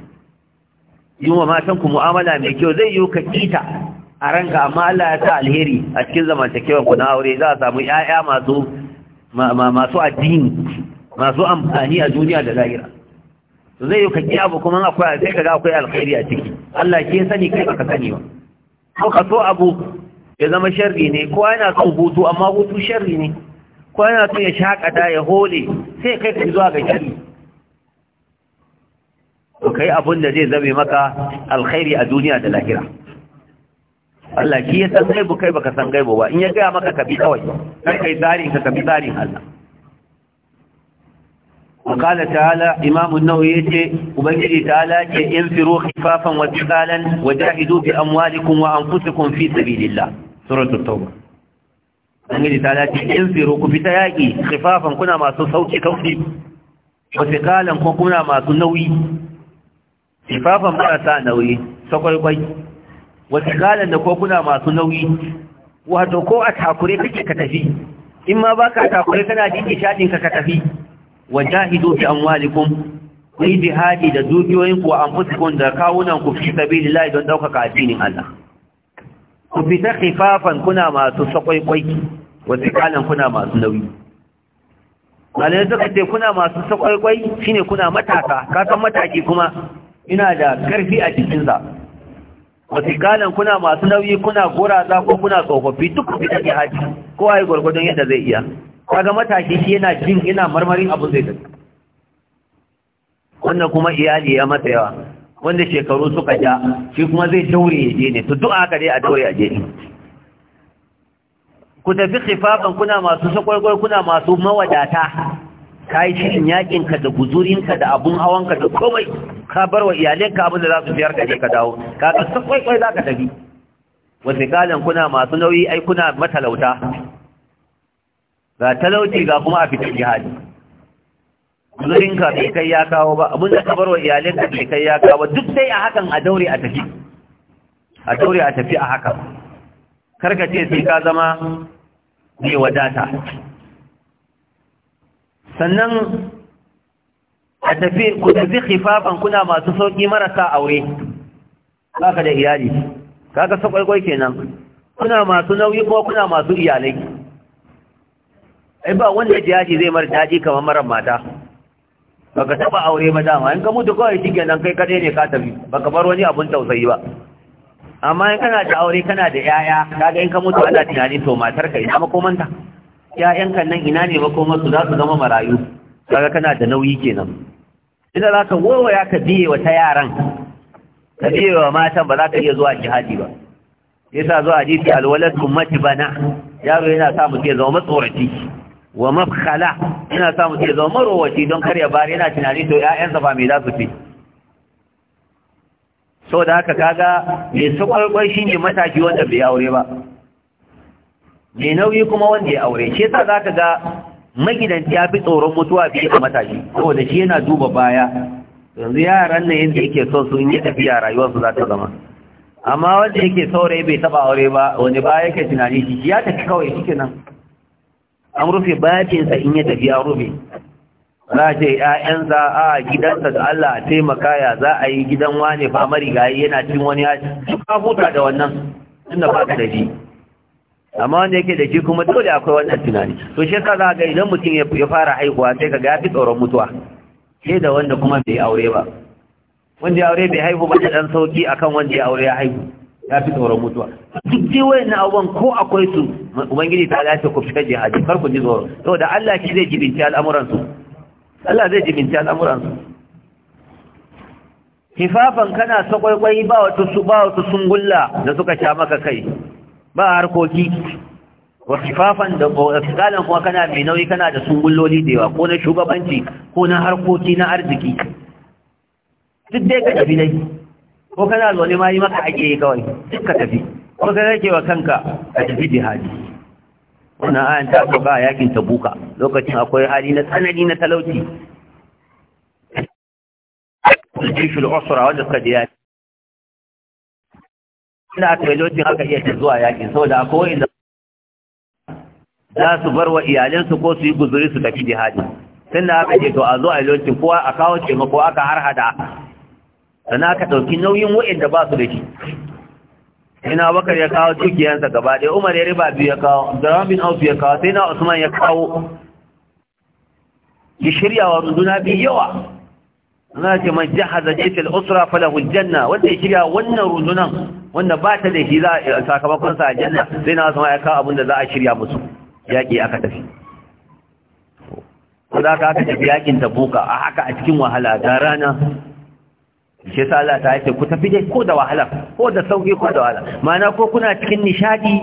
yin wa matan ku mu'amala mai kyau zai yi ka a ranka amma Allah ya sa alheri a cikin zamantakewa ku na aure za a samu ƴaƴa masu masu addini masu amfani a duniya da lahira to zai yi ka ƙi abu kuma akwai sai ga akwai alkhairi a ciki Allah ke sani kai baka sani ba ko ka so abu ya zama sharri ne ko yana son hutu amma hutu sharri ne ko yana son ya shakata ya hole sai kai ka zuwa ga shari to kai abun da zai zame maka alkhairi a duniya da lahira Allah shi ya san gaibu kai baka san gaibu ba in ya gaya maka ka bi kawai kar kai tsarin ka ka bi tsarin Allah وقال تعالى إمام النووي وبنجي تعالى انفروا خفافا وثقالا وجاهدوا بأموالكم وأنفسكم في سبيل الله سورة التوبة بنجي تعالى انفروا كفتا ياكي خفافا كنا ما سوكي كوكي وثقالا كنا ما سنوي خفافا مرسا نوي سوكي كوي wata kalan da kokuna masu nauyi wato ko a takure kake ka tafi in ma ka takure kana jin nishadin ka ka tafi wajahidu bi amwalikum ku yi jihadi da dukiyoyin ku an fuskun da kawunan ku fi sabilillahi don daukaka addinin Allah ku fita khifafan kuna masu sakwaikwai wata kalan kuna masu nauyi malai suka ce kuna masu sakwaikwai shine kuna matasa kasan mataki kuma ina da karfi a cikin wasikalan kuna masu nauyi kuna goraza ko kuna tsofaffi duk ku fita haji ko ayi gwargwadon yadda zai iya kaga matashi shi yana jin yana marmarin abin zai tafi wannan kuma iyali ya masa yawa wanda shekaru suka ja shi kuma zai daure ya je ne to duk aka dai a daure a je ku tafi khifafan kuna masu sakwarkwar kuna masu mawadata ka yi shirin yaƙinka da guzurinka da abun hawanka da komai ka bar wa iyalinka abin da za su biyar gaje ka dawo ka ga kwaikwai za ka tafi wasu kalan kuna masu nauyi ai kuna matalauta ga talauci ga kuma a fitar jihadi guzurinka bai kai ya kawo ba abin da ka bar wa iyalinka bai kai ya kawo duk dai a hakan a daure a tafi a daure a tafi a haka karkace ce sai ka zama mai wadata sannan a tafi ku tafi khifafan kuna masu sauki marasa aure kaka da iyali kaga sakwaikwai kenan kuna masu nauyi ko kuna masu iyalai ai ba wanda jaji zai mara daji kamar mara mata baka taba aure ba dama in ka mutu kawai shige nan kai kadai ne ka tafi baka bar wani abun tausayi ba amma in kana da aure kana da yaya kaga in ka mutu ana tunani to matar ka ina komanta. yayan kannan ina ne makomarsu za su zama marayu kaga kana da nauyi kenan Ina za ka ya ka biye wa ta yaran ka biye wa matan ba za ka iya zuwa jihadi ba yasa zuwa hadisi alwalad kummati bana yaro yana sa mu ya zama matsoraci wa mafkhala yana sa mu ya zama marowaci don kar ya bari yana tunani to ƴaƴansa ba me za su fi so da haka kaga mai sakwalkwai ne mataki wanda bai aure ba mai nauyi kuma wanda ya aure shi yasa ka ga magidanci ya fi tsoron mutuwa fiye da matashi saboda shi yana duba baya yanzu yaran nan yadda yake son su in yi tafiya rayuwarsu za ta zama amma wanda yake saurayi bai taba aure ba wani ba yake tunani shi ya tafi kawai shike nan an rufe bayacinsa in ya tafi an rufe za a ce ‘ya'yansa a gidansa da Allah a taimaka ya za a yi gidan wane famari ga yana cin wani ya ci huta da wannan tun da ba da shi amma wanda yake da shi kuma dole akwai wannan tunani to shi yasa za ga idan mutum ya fara haihuwa sai ka ga fi tsoron mutuwa sai da wanda kuma bai aure ba wanda ya aure bai haihu ba da dan sauki akan wanda ya aure ya haihu ya fi tsoron mutuwa duk wai wayannan abubuwan ko akwai su ubangiji ta lafi ku fita jihadi kar ku ji tsoro saboda Allah shi zai jibinci al'amuran su Allah zai jibinci al'amuran su kifafan kana sakwaikwayi ba wata su ba wata sungulla da suka sha maka kai ba harkoki wa kifafan da kalan kuma kana mai nauyi kana da sungulloli da yawa ko na shugabanci ko na harkoki na arziki duk dai ka tafi dai ko kana zaune ma yi maka ake yi kawai duk ka tafi ko ka rage wa kanka ka tafi jihadi wannan ayan ta so ba yakin tabuka lokacin akwai hali na tsanani na talauci Jishul Usra wanda suka je yaki inda aka yi lokacin aka iya ta zuwa yaƙi saboda kowai da za su bar wa iyalinsu ko su yi guzuri su tafi jihadi tun da aka ce to a zo a yi lokacin kowa a kawo taimako aka har hada sannan aka ɗauki nauyin da ba su da shi ina bakar ya kawo dukiyansa gaba ɗaya umar ya riba biyu ya kawo abdurrahman bin auf ya kawo sai na usman ya kawo ki shirya wa runduna biyu yawa na ce man jahaza jaitul usra falahu janna wanda ya shirya wannan rundunan wanda ba ta da shi za a sakamakon sa a janna, sai na sama ya kawo abin da za a shirya musu yaƙi aka tafi ko za ka aka tafi yaƙin ta buka a haka a cikin wahala da rana shi sa Allah ta yake ku tafi dai ko da wahala ko da sauki ko da wahala ma'ana ko kuna cikin nishadi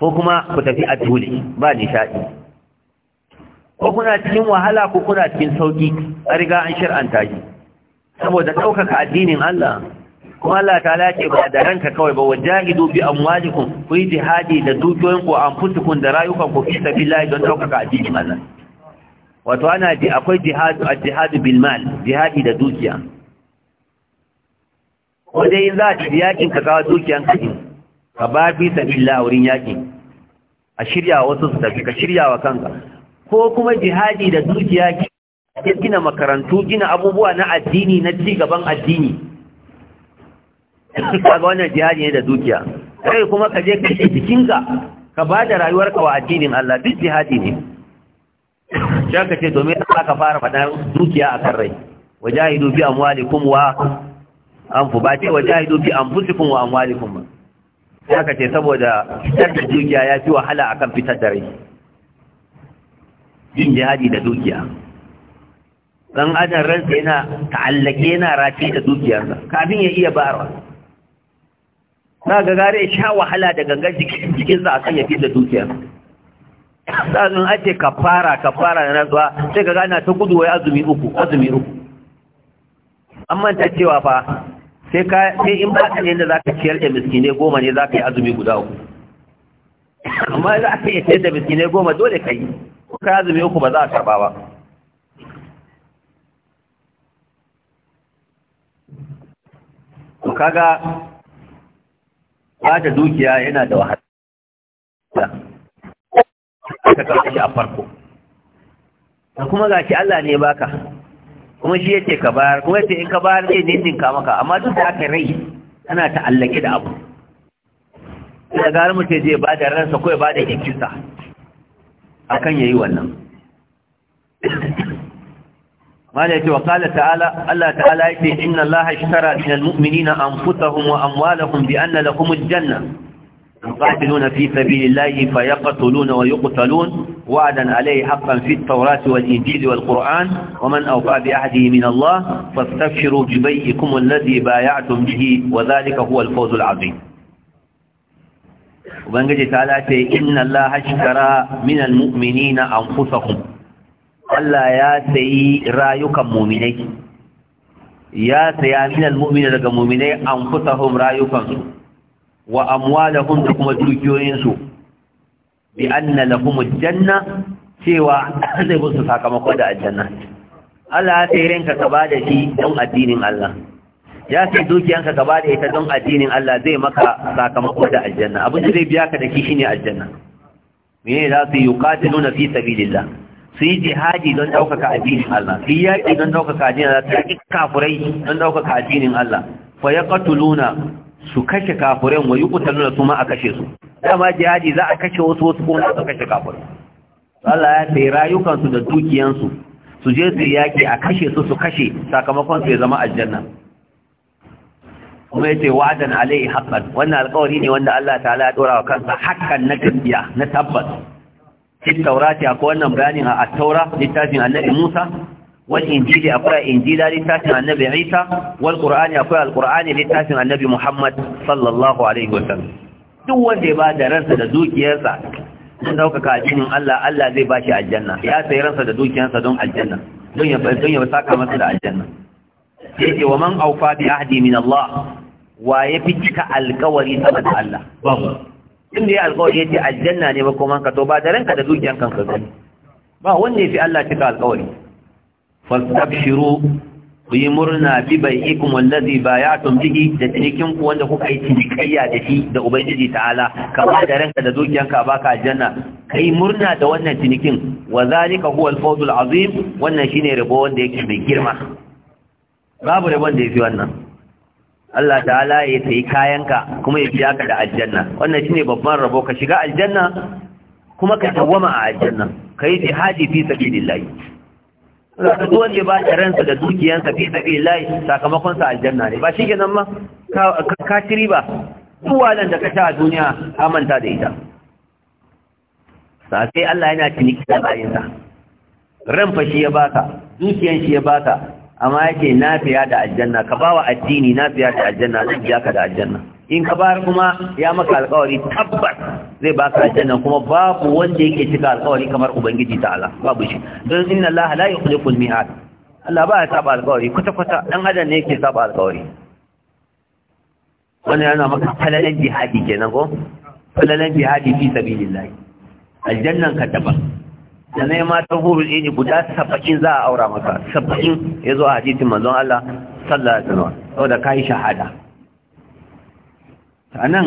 ko kuma ku tafi a dole ba nishadi ko kuna cikin wahala ko kuna cikin sauki a riga an shir'anta shi saboda ɗaukaka addinin Allah kuma Allah ta lace ba da ranka kawai ba wajahidu bi amwajikum ku yi jihadi da dukiyoyin ku kun da rayukan ku fi sabilillah don daukaka addinin Allah wato ana ji akwai jihadu a jihadu bil mal jihadi da dukiya ko dai za ji yakin ka kawo dukiyan ka din ka ba fi sabilillah wurin yakin a shirya wasu su tafi ka shirya wa kanka ko kuma jihadi da dukiya gina makarantu gina abubuwa na addini na ci gaban addini kaga wannan jihadi ne da dukiya kai kuma ka je ka yi cikin ka ba da rayuwarka wa addinin Allah duk jihadi ne sai ka ce domin Allah ka fara fada dukiya a kan rai wajahidu bi amwalikum wa anfu ba ce wajahidu bi anfusikum wa amwalikum ba sai ka ce saboda fitar da dukiya ya fi wahala akan fitar da rai yin jihadi da dukiya dan adam ransa yana ta'allake yana rafi da dukiyarsa kafin ya iya bayarwa za ga gare sha wahala da jikin za a kan ya fi da dukiyar tsarin ake kafara kafara na nasuwa sai ga gana ta gudu wai azumi uku azumi uku an manta cewa fa sai ka sai in ba ka ne da ka ciyar da miskine goma ne za ka yi azumi guda uku amma za ka iya ciyar da miskine goma dole ka yi ko ka azumi uku ba za a karba ba kaga bata dukiya yana da wahala Ka kawo shi a farko da kuma ga shi Allah ne baka kuma shi yace ka bayar kuma yace in ka bayar zai ka maka amma duk da aka rai ana ta'allake da abu da mu mutum zai ba da ransa ko ya ba da yankinsa akan yayi wannan mala yace wa تعالى ta'ala تعالى إن الله اشترى من المؤمنين أنفسهم وأموالهم بأن لهم الجنة يقاتلون في سبيل الله فيقتلون ويقتلون وعدا عليه حقا في التوراة والإنجيل والقرآن ومن أوفى بأحده من الله فاستبشروا ببيكم الذي بايعتم به وذلك هو الفوز العظيم وبنجد تعالى إن الله اشترى من المؤمنين أنفسهم Allah ya sayi rayukan muminai ya saya minal mu'mina daga muminai an fusahum rayukansu wa amwalahum da kuma dukiyoyinsu bi anna lahum janna cewa zai musu sakamako da aljanna Allah ya sayi ranka gaba da shi don addinin Allah ya sai dukiyanka gaba da ita don addinin Allah zai maka sakamako da aljanna abin da zai biya ka da shi shine aljanna menene za su yi yuqatiluna fi sabilillah su yi jihadi don ɗaukaka addinin Allah su yi yaƙi don ɗaukaka addinin Allah su yaƙi kafurai don ɗaukaka addinin Allah fa ya ƙatuluna su kashe kafurai wa yi ƙutaluna su ma a kashe su dama jihadi za a kashe wasu wasu kuma su kashe kafurai Allah ya sayi rayukansu da dukiyansu su je su yaƙi a kashe su su kashe sakamakon su ya zama aljanna kuma ya ce wa'adan alaihi haqqan wannan alƙawari ne wanda Allah ta'ala ya dora wa kansa haƙƙan na tafiya na tabbas fi taurati akwai wannan bayanin a attaura littafin annabi musa wal injili akwai injila littafin annabi isa wal qur'ani akwai alqur'ani littafin annabi muhammad sallallahu alaihi wasallam duk wanda ya ba da ransa da dukiyarsa sun daukaka addinin Allah Allah zai bashi aljanna ya sayi ransa da dukiyarsa don aljanna don ya don ya saka masa da aljanna yake wa man awfa bi ahdi min Allah wa ya fi cika alkawari sama da Allah babu tun da ya alƙawari aljanna ne makoman ka to ba da ranka da dukiyan kanka gani ba wanne fi Allah cika alƙawari fastabshiru ku yi murna bi bai'ikum ba bay'atum bihi da cinikin ku wanda kuka yi cinikayya da shi da ubangiji ta'ala ka ba da ranka da dukiyanka baka aljanna kai murna da wannan cinikin wa zalika huwa al azim wannan shine rabo wanda yake mai girma babu rabon da yafi wannan Allah ta'ala ya sayi kayanka kuma ya biya ka da aljanna wannan shine babban rabo ka shiga aljanna kuma ka tawama a aljanna ka yi haji fi sabilillah ka duk wanda ba da ransa da dukiyansa fi sabilillah sakamakon sa aljanna ne ba shikenan ma ka ba. riba nan da ka sha a duniya ka manta da ita sai Allah yana ciniki da bayinsa ran fa shi ya baka dukiyan shi ya baka amma yake na fiya da aljanna ka bawa addini na fiya da aljanna zan biya ka da aljanna in ka bayar kuma ya maka alƙawari tabbas zai baka aljanna kuma babu wanda yake cika alƙawari kamar ubangiji ta'ala babu shi don inna Allah la yukhliqu al-mi'ad Allah ba ya saba alƙawari kwata kwata dan adam ne yake saba alƙawari wannan yana maka falalan jihadi kenan ko falalan jihadi fi sabilillah aljannan ka daban da na matan hurul ini guda saba'in za a aura maka saba'in ya zo a hadisin manzon Allah sallallahu alaihi wasallam saboda kai shahada anan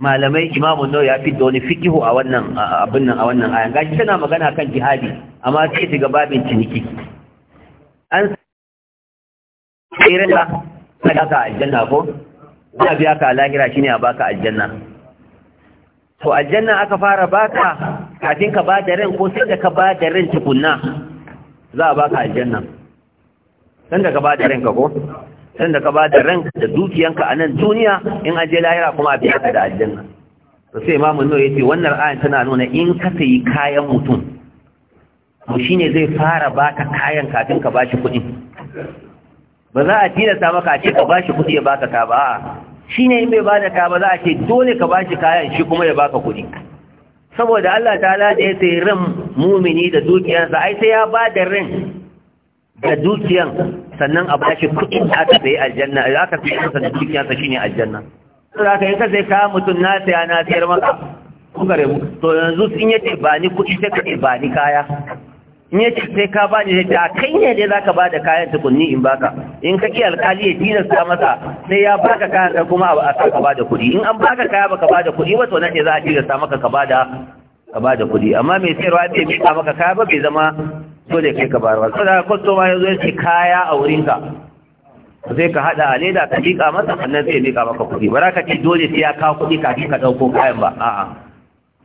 malamai imamu nau ya fito wani fikihu a wannan abin nan a wannan ayan gashi tana magana kan jihadi amma sai shiga babin ciniki an tsere da sadaka aljanna ko ana biya ka lahira shine a baka aljanna to aljanna aka fara baka kafin ka ba da ran ko sai da ka ba da ran tukunna za a baka aljanna san da ka ba da ka ko san da ka ba da ranka da dukiyanka a nan duniya in aje lahira kuma a biya ka da aljanna to sai imamu ya ce wannan ayan tana nuna in ka sayi kayan mutum to shine zai fara baka kayan kafin ka bashi kuɗi ba za a sa maka a ce ka bashi kuɗi ya baka ka ba shine in bai da ka ba za a ce dole ka bashi kayan shi kuma ya baka kuɗi saboda Allah ta'ala da ya sai ran mumini da dukiyarsa ai sai ya ba da ran da dukiyan sannan a bashi kuɗin da aka sai aljanna da aka sai kansa da dukiyarsa shine aljanna to haka in ka sai ka mutun na sai na sayar maka Kuka to yanzu in yace ba ni kuɗi sai ka ba ni kaya in ya ce sai ka bani da ce kai ne dai zaka bada kayan tukunni in baka in ka ki alkali ya tilasta masa sai ya baka kayan ka kuma a sa ka bada kuɗi in an baka kaya baka bada kuɗi ba nan ne za a tilasta maka ka bada ka bada kuɗi amma mai sayarwa bai mika maka kaya ba bai zama dole kai ka bayarwa so da kwastoma ya zo ya ce kaya a wurinka sai ka haɗa a leda ka mika masa sannan sai ya mika maka kuɗi ba za ka ce dole sai ya kawo kuɗi kafin ka ɗauko kayan ba a'a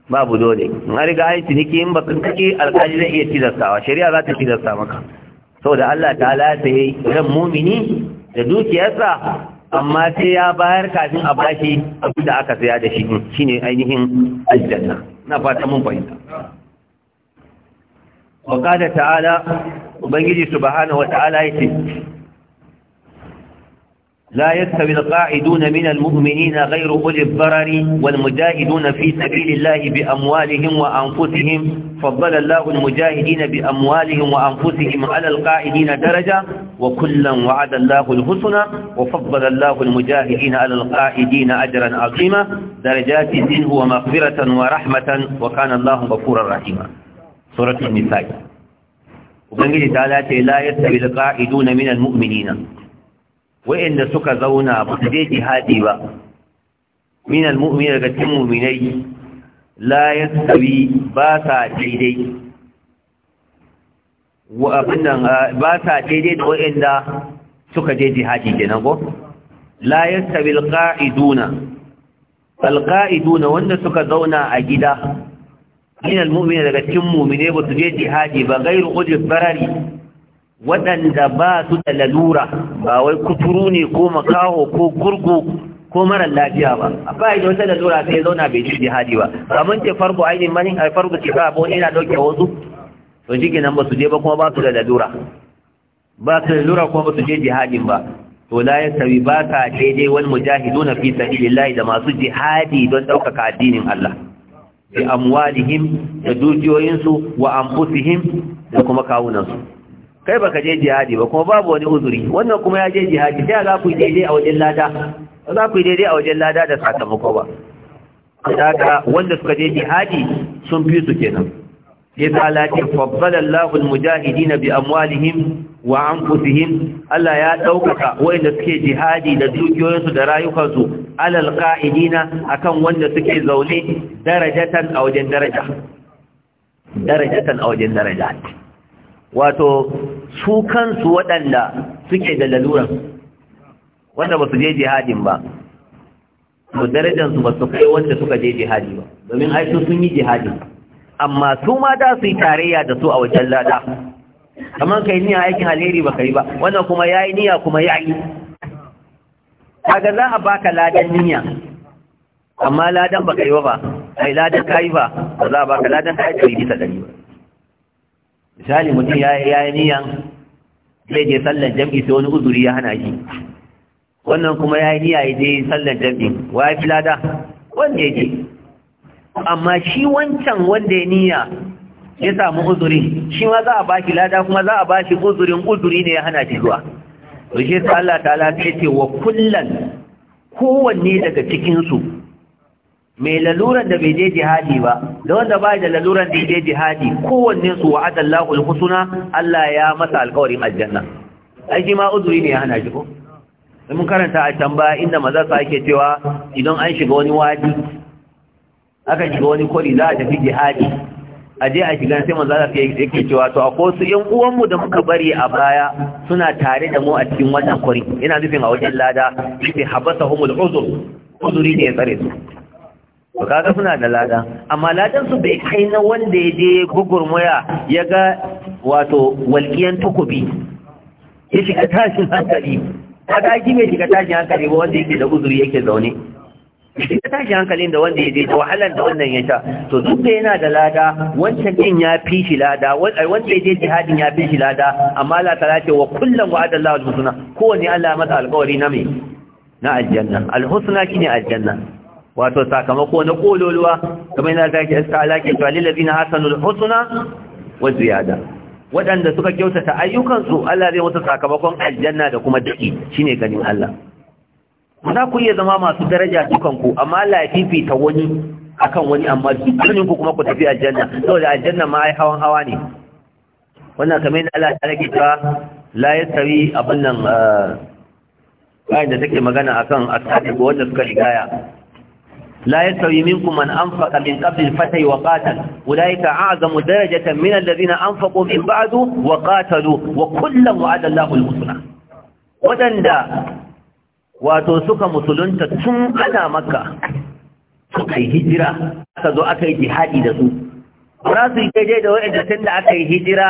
babu dole in an riga an ciniki in bakan kake alƙali zai iya tilastawa shari'a za ta tilasta maka da Allah ta'ala Ya yi ran mumini da dukiyarsa amma sai ya bayar kafin a bashi abin da aka saya da shi shine ainihin aljanna na fata mun fahimta wa qala ta'ala ubangiji subhanahu wa ta'ala yace لا يستوي القاعدون من المؤمنين غير أولي الضرر والمجاهدون في سبيل الله بأموالهم وأنفسهم فضل الله المجاهدين بأموالهم وأنفسهم على القاعدين درجة وكلا وعد الله الحسنى وفضل الله المجاهدين على القاعدين أجرا عظيما درجات منه ومغفرة ورحمة وكان الله غفورا رحيما سورة النساء وبنجد تعالى لا يستوي القاعدون من المؤمنين wa'inda suka zauna ba su je jihadi ba min almu'min daga cikin mu'minai la yastawi ba sa daidai wa abinnan ba sa daidai da wa'inda suka je jihadi kenan ko la yastawi alqa'iduna alqa'iduna wanda suka zauna a gida min almu'min daga cikin mu'minai ba su je jihadi ba gairu ujub barari waɗanda ba su da lalura ba wai kuturu ne ko makaho ko gurgu ko marar lafiya ba a bayan da wata lalura sai zauna bai ji jihadi ba kamar ce farko ainihin manin a farko ke ba wani yana ɗauke wasu to shi nan ba su je ba kuma ba su da lalura ba su da lalura kuma ba su je jihadin ba to la ya sabi ba ka daidai wani wal na fi sabilillahi da masu jihadi don ɗaukaka addinin Allah bi amwalihim da dukiyoyinsu wa anfusihim da kuma kawunansu kai baka je jihadi ba kuma babu wani uzuri wannan kuma ya je jihadi sai za ku daidai a wajen lada za ku daidai a wajen lada da sakamako ba daga wanda suka je jihadi sun fi su kenan Allahul bi amwalihim wa anfusihim Allah ya daukaka wanda suke jihadi da dukiyoyinsu da rayukansu alal qa'idina akan wanda suke zaune darajatan a wajen daraja darajatan a wajen daraja wato su kansu waɗanda suke da laluran wanda ba su je jihadin ba to darajansu ba su kai wanda suka je jihadi ba domin aiki sun yi jihadi amma su ma da su yi tarayya da su a wajen lada kamar kai niyya aikin alheri ba kai ba wannan kuma ya yi niyya kuma ya yi kaga za a baka ladan niyya amma ladan ba kai ba ba ai ladan kai ba ba za a baka ladan kai bisa ɗari ba misali mutum ya yi niyan zai je sallan jam'i sai wani uzuri ya hana shi wannan kuma ya yi niyan ya je sallan jam'i wa ya fi lada wanda ya je amma shi wancan wanda ya niya ya samu uzuri shi ma za a ba shi lada kuma za a ba shi uzurin uzuri ne ya hana shi zuwa to shi sa Allah ta'ala ta ce wa kullan kowanne daga cikin su mai laluran da bai je jihadi ba da wanda ba da laluran da je jihadi kowanne su wa'ada Allahu al Allah ya masa alƙawarin aljanna ai shi ma uzuri ne ya hana shi ko mun karanta a can ba inda maza su ake cewa idan an shiga wani wadi aka shiga wani kwari za a tafi jihadi a je a shiga sai maza Allah yake cewa to akwai su yan uwanmu da muka bari a baya suna tare da mu a cikin wannan kwari yana nufin a wajen lada shi humul uzur uzuri ne ya tsare su to kaga suna da lada amma ladan su bai kai na wanda ya je gugurmaya ya ga wato walƙiyan takobi ya shiga tashin hankali kaga ake mai shiga tashin hankali ba wanda yake da uzuri yake zaune shiga tashin hankalin da wanda ya je da wahalar da wannan ya sha to duk da yana da lada wancan din ya fi shi lada wanda ya je jihadin ya fi shi lada amma Allah ta lace wa kullum wa adalla wa husna kowanne Allah ya masa alƙawari na me na aljanna alhusna shine aljanna wato sakamako na kololuwa kamar yana zaki iska alaƙi to Zina, hasanul husna wa ziyada waɗanda suka kyautata ayyukansu Allah zai musu sakamakon aljanna da kuma daki shine ganin Allah za ku iya zama masu daraja dukanku amma Allah ya fifita wani akan wani amma ku kuma ku tafi aljanna saboda aljanna ma ai hawan hawa ne wannan kamar yana Allah ya rage ta la yastawi abin nan ah, ayin da take magana akan ko wanda suka rigaya لا يستوي منكم من أنفق من قبل الفتح وقاتل أولئك أعظم درجة من الذين أنفقوا من بعد وقاتلوا وكلا وعد الله المسنى ودندا وتوسك مسلون تتم على مكة suka yi hijira aka zo aka yi jihadi da su yi daidai da wa'in da aka yi hijira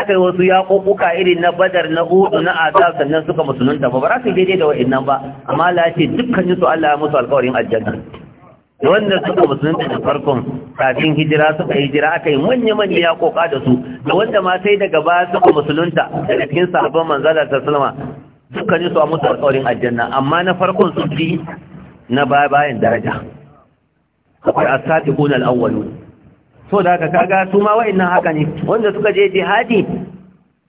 aka yi wasu yaƙoƙuka irin na badar na hudu na azab sannan suka musulunta ba ba su yi daidai da wa'in nan ba amma la ce dukkanin su Allah ya musu alƙawarin aljanna da wanda suka musulunta da farkon kafin hijira suka hijira aka yi manya-manya ya koka da su da wanda ma sai daga ba suka musulunta daga cikin sahabban manzala ta salama suka ne su a musu alƙawarin aljanna amma na farkon su fi na baya bayan daraja akwai asabiqun al-awwalun so da haka kaga su ma wa'annan haka ne wanda suka je jihadi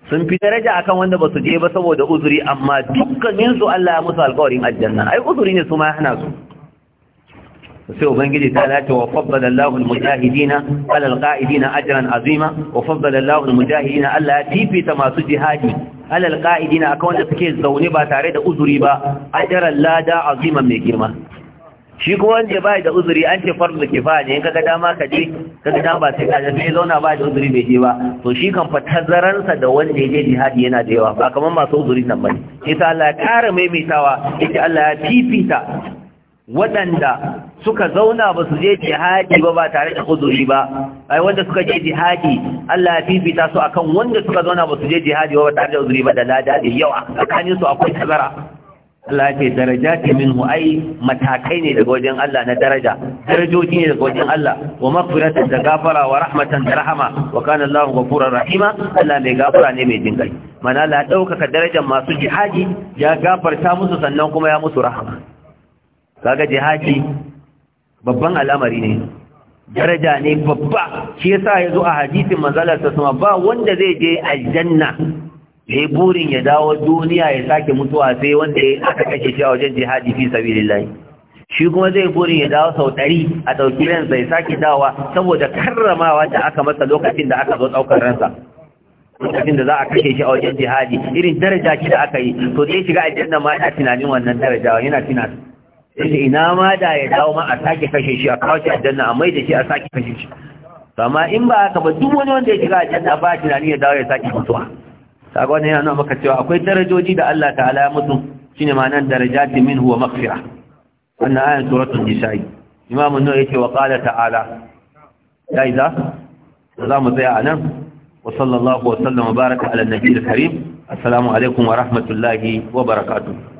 sun fi daraja akan wanda ba su je ba saboda uzuri amma dukkaninsu Allah ya musu alƙawarin aljanna ai uzuri ne su ma hana su sai ubangiji ta lati wa faddala Allahu al-mujahidina ala al-qa'idina ajran azima wa faddala Allahu al Allah alla tifita masu jihadi ala al-qa'idina akan wanda suke zaune ba tare da uzuri ba ajran lada aziman mai girma shi kuma wanda bai da uzuri an ce farzu kifaya ne kaga dama ka je kaga dama ba sai ka je sai zauna bai da uzuri bai je ba to shi kan fa sa da wanda ya je jihadi yana da yawa ba kaman masu uzuri nan bane sai Allah ya kara maimaitawa yace Allah ya fifita waɗanda suka zauna ba su je jihadi ba ba tare da huzuri ba ai wanda suka je jihadi Allah ya fifita su akan wanda suka zauna ba su je jihadi ba tare da huzuri ba da lada da yawa tsakanin su akwai tazara Allah ya ce darajati minhu ai matakai ne daga wajen Allah na daraja darajoji ne daga wajen Allah wa maghfiratan da gafara wa rahmatan da rahama wa kana Allah ghafurur rahima Allah mai gafara ne mai jinkai mana Allah ya dauka darajar masu jihadi ya gafarta musu sannan kuma ya musu rahama kaga jihadi babban al'amari ne daraja ne babba shi yasa yazo a hadisin manzalar ta sama ba wanda zai je aljanna ya burin ya dawo duniya ya sake mutuwa sai wanda aka kashe shi a wajen jihadi fi sabilillahi shi kuma zai burin ya dawo sau ɗari a ɗauki ransa ya sake dawa saboda karramawa da aka masa lokacin da aka zo ɗaukar ransa lokacin da za a kashe shi a wajen jihadi irin daraja shi da aka yi to ya shiga aljanna ma yana tunanin wannan daraja yana tunanin yace ina ma da ya dawo ma a sake kashe shi a kawo shi aljanna a mai da shi a sake kashe shi amma in ba haka ba duk wani wanda ya shiga aljanna ba tunani ya dawo ya sake mutuwa kaga wannan yana maka cewa akwai darajoji da Allah ta'ala ya mutu shine ma'anar darajati minhu huwa maghfira wannan ayat suratul nisa'i imamu nawawi yace wa qala ta'ala ya idza za mu tsaya anan wa sallallahu wa sallama baraka ala nabiyil karim assalamu alaikum wa rahmatullahi wa barakatuh